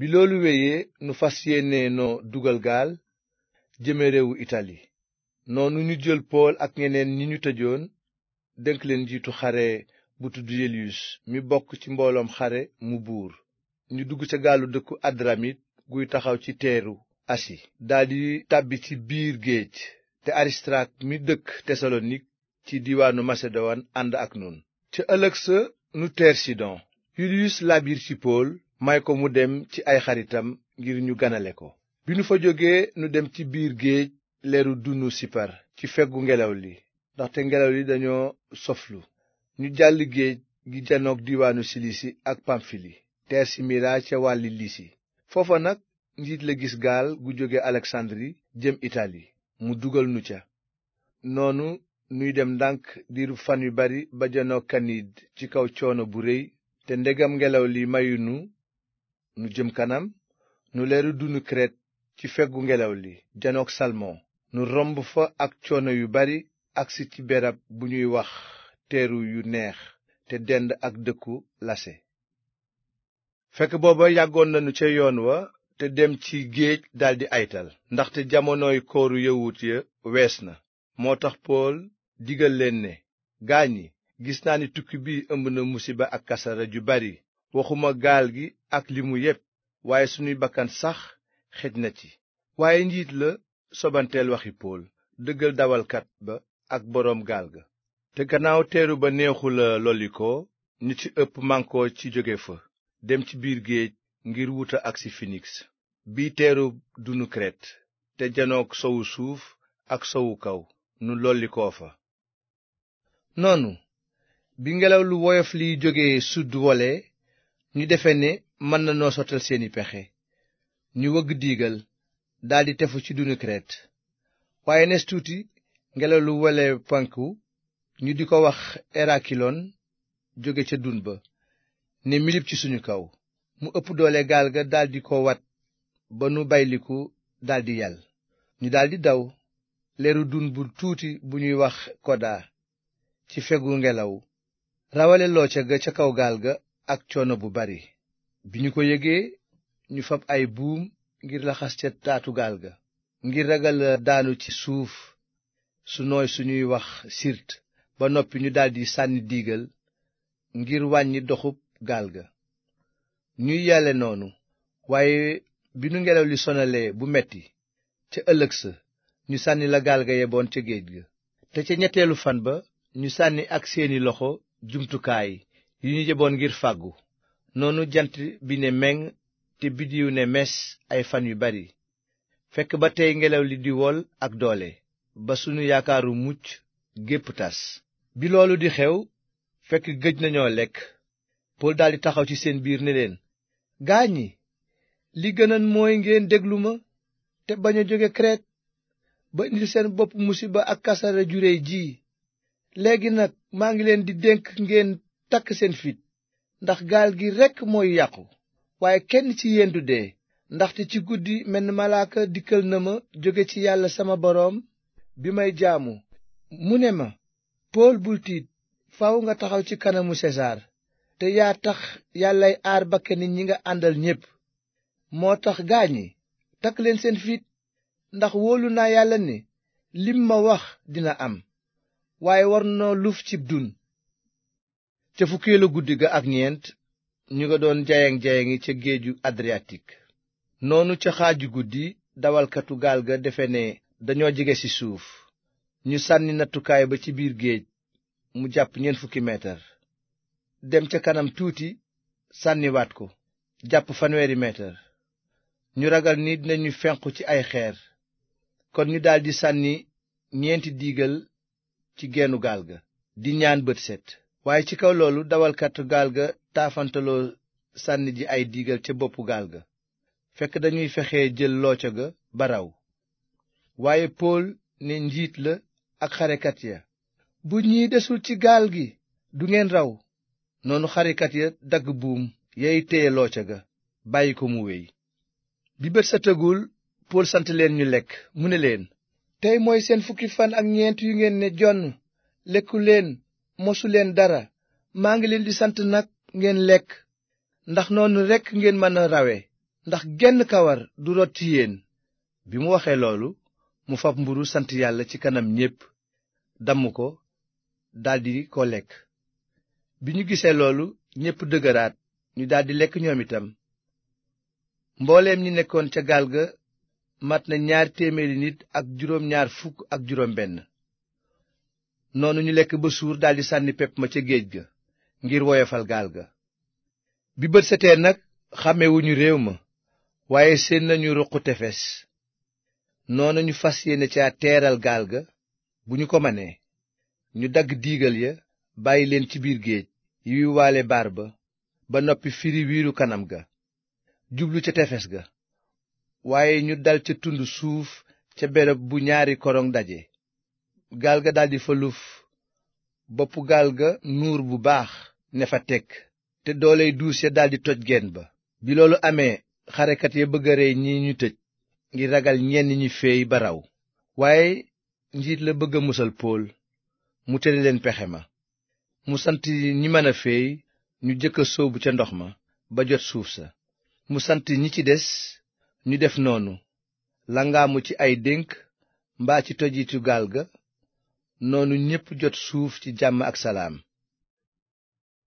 bi loolu wéyee nu fas noo dugal gaal jëme réewu itali noonu ñu jël pool ak ñeneen ñi ñu tëjoon dénk leen njiitu xare bu tudd yeliyus mi bokk ci mbooloom xare mu buur ñu dugg ca gaalu dëkku adramit guy taxaw ci teeru asi daldi tàbbi ci biir géej te aristark mi dëkk tesalonik ci diwaanu maseduwaan ànd ak nun ci ëllëg sa nu teer sidon yuliyus laabiir ci pool may ko mu dem ci ay xaritam ngir ñu ganale ko bi nu fa jógee nu dem ci biir géej leeru dunu sipar ci feggu ngelaw li ndaxte ngelaw li dañoo soflu ñu jàll géej gi janoog diwaanu silisi ak pamfili teer si mira ca wàlli lisi foofa nag njiit la gis gaal gu jóge aleksandri jëm itali mu dugal nu ca noonu nuy dem ndànk diiru fan yu bari ba janoog kaniid ci kaw coono bu réy te ndegam ngelaw li mayunu nu jëm kanam nu leeru dunu Kret ci feggu ngelaw li janook Salmon nu romb fa ak coono yu bari agsi ci berab bu ñuy wax teeru yu neex te dend ak dëkku lase fekk booba yàggoon nañu ca yoon wa te dem ci géej daldi aytal ndaxte jamonoy kooru yawut ya wees na moo tax pool digal leen ne gaañi gis naa ni tukki bi ëmb na musiba ak kasara ju bari waxuma gaal gi ak li mu yépp waaye sunuy bakkan sax xej na ci waaye njiit la sobanteel waxi pool dëggal dawalkat ba ak boroom gaal ga te gannaaw teeru ba neexu la lollikoo ñu ci ëpp mànkoo ci jóge fa dem ci biir géej ngir wuta agsi finiks bii teeru dunu kret te janook sowu suuf ak sowu kaw nu lollikoo fa noonu bi ngelaw lu woyof liy jóge sudd wole ñu defe ne mën noo sottal seeni pexe ñu wëgg diigal daldi tefu ci dunu Kret waaye nes tuuti ngelaw lu wele penku ñu di ko wax erakiloon jóge ca dun ba ne milib ci suñu kaw mu ëpp doole gaal ga daldi ko wat ba nu bayliku daldi yàll ñu daldi daw leeru dun bu tuuti bu ñuy wax koda ci fegu ngelaw rawale loo ga ca kaw gaal ga ak coono bu bari bi ñu ko yëgee ñu fab ay buum ngir laxas ca taatu gaal ga ngir ragal daanu ci suuf su nooy suñuy wax sirt ba noppi ñu daldi sànni diigal ngir wàññi doxub gaal ga ñuy yàlle noonu waaye bi nu ngelaw li sonalee bu metti ca ëllëg sa ñu sànni la gaal ga yeboon ca géej ga te ca ñetteelu fan ba ñu sànni ak seeni loxo jumtukaay yu ñu jëboon ngir fàggu noonu jant bi ne meng te biddiw ne mes ay fan yu bari fekk ba tey ngelaw li di wol ak doole ba sunu yaakaaru mucc gépp tas bi loolu di xew fekk gëj nañoo lekk pool daldi taxaw ci seen biir ne leen gaañi li gënan mooy ngeen déglu ma te bañ a jóge Kret ba indil seen bopp musiba ak kasare jure ji léegi nag maa ngi leen di dénk ngeen takk seen fit ndax gaal gi rekk mooy yàqu waaye kenn ci yéen du dee ndaxte ci guddi menn malaaka dikkal na ma jóge ci yàlla sama boroom bi may jaamu mu ne ma pool bul tiit faaw nga taxaw ci kanamu sesaar te yaa tax yàllay aar bakkani ñi nga àndal ñépp moo tax gaañi takk leen seen fit ndax woolu naa yàlla ne lim ma wax dina am waaye war noo luf cib dun ca fukkeelu guddi ga ak ñeent ñu nga doon jayaŋ-jayaŋi ca géeju adriyatik noonu ca xaaju guddi dawalkatu gaal ga defe ne dañoo jege ci suuf ñu sànni nattukaay ba ci biir géej mu jàpp ñeent fukki meetar dem ca kanam tuuti sànniwaat ko jàpp fanweeri meetar ñu ragal ni ñu fenqu ci ay xeer kon ñu daldi sànni ñeenti diigal ci geenu gaal ga di ñaan bët set waaye ci kaw loolu dawalkat gaal ga taafantaloo sànni ji ay diigal ca boppu gaal ga fekk dañuy fexe jël looco ga ba raw waaye pool ne njiit la ak xarekat ya bu ñii desul ci gaal gi du ngeen raw noonu xarekat ya dagg buum yay téye looca ga bàyyi ko mu wéy bi bët sa tëgul pool sant leen ñu lekk mu ne leen tey mooy seen fukki fan ak ñeent yu ngeen ne jonn lekku leen mosuleen dara maa ngi leen di sant nag ngeen lekk ndax noonu rekk ngeen mën a rawe ndax genn kawar du rot ci yéen bi mu waxee loolu mu fab mburu sant yàlla ci kanam ñépp damm ko daldi ko lekk bi ñu gisee loolu ñépp dëgëraat ñu daldi lekk ñoom itam mbooleem ñi nekkoon ca gaal ga mat na ñaar téeméeri nit ak juróom ñaar fukk ak juróom benn noonu ñu lekk ba suur daldi sànni pepp ma ca géej ga ngir woyofal gaal ga bi bët setee nag xàmmewuñu réew ma waaye séen nañu ruqu tefes noonu ñu fas yéene ca teeral gaal ga bu ñu ko manee ñu dagg diigal ya bàyyi leen ci biir géej yi waale baar ba ba noppi firi wiiru kanam ga jublu ca tefes ga waaye ñu dal ca tund suuf ca bereb bu ñaari korong daje gaal ga daldi fa boppu gaal ga nuur bu baax ne fa tekk te dooley duus ya daldi toj geen ba bi loolu amee xarekat ya bëgg a rey ñi ñu tëj ngir ragal ñenn ñi feey ba raw waaye njiit la bëgg a musal pool mu tere leen pexe ma mu sant ñi mën a feey ñu jëkk a sóobu ca ndox ma ba jot suuf sa mu sant ñi ci des ñu def noonu langaamu ci ay dénk mbaa ci tojitu gaal ga noonu ñépp jot suuf ci jàmm ak salaam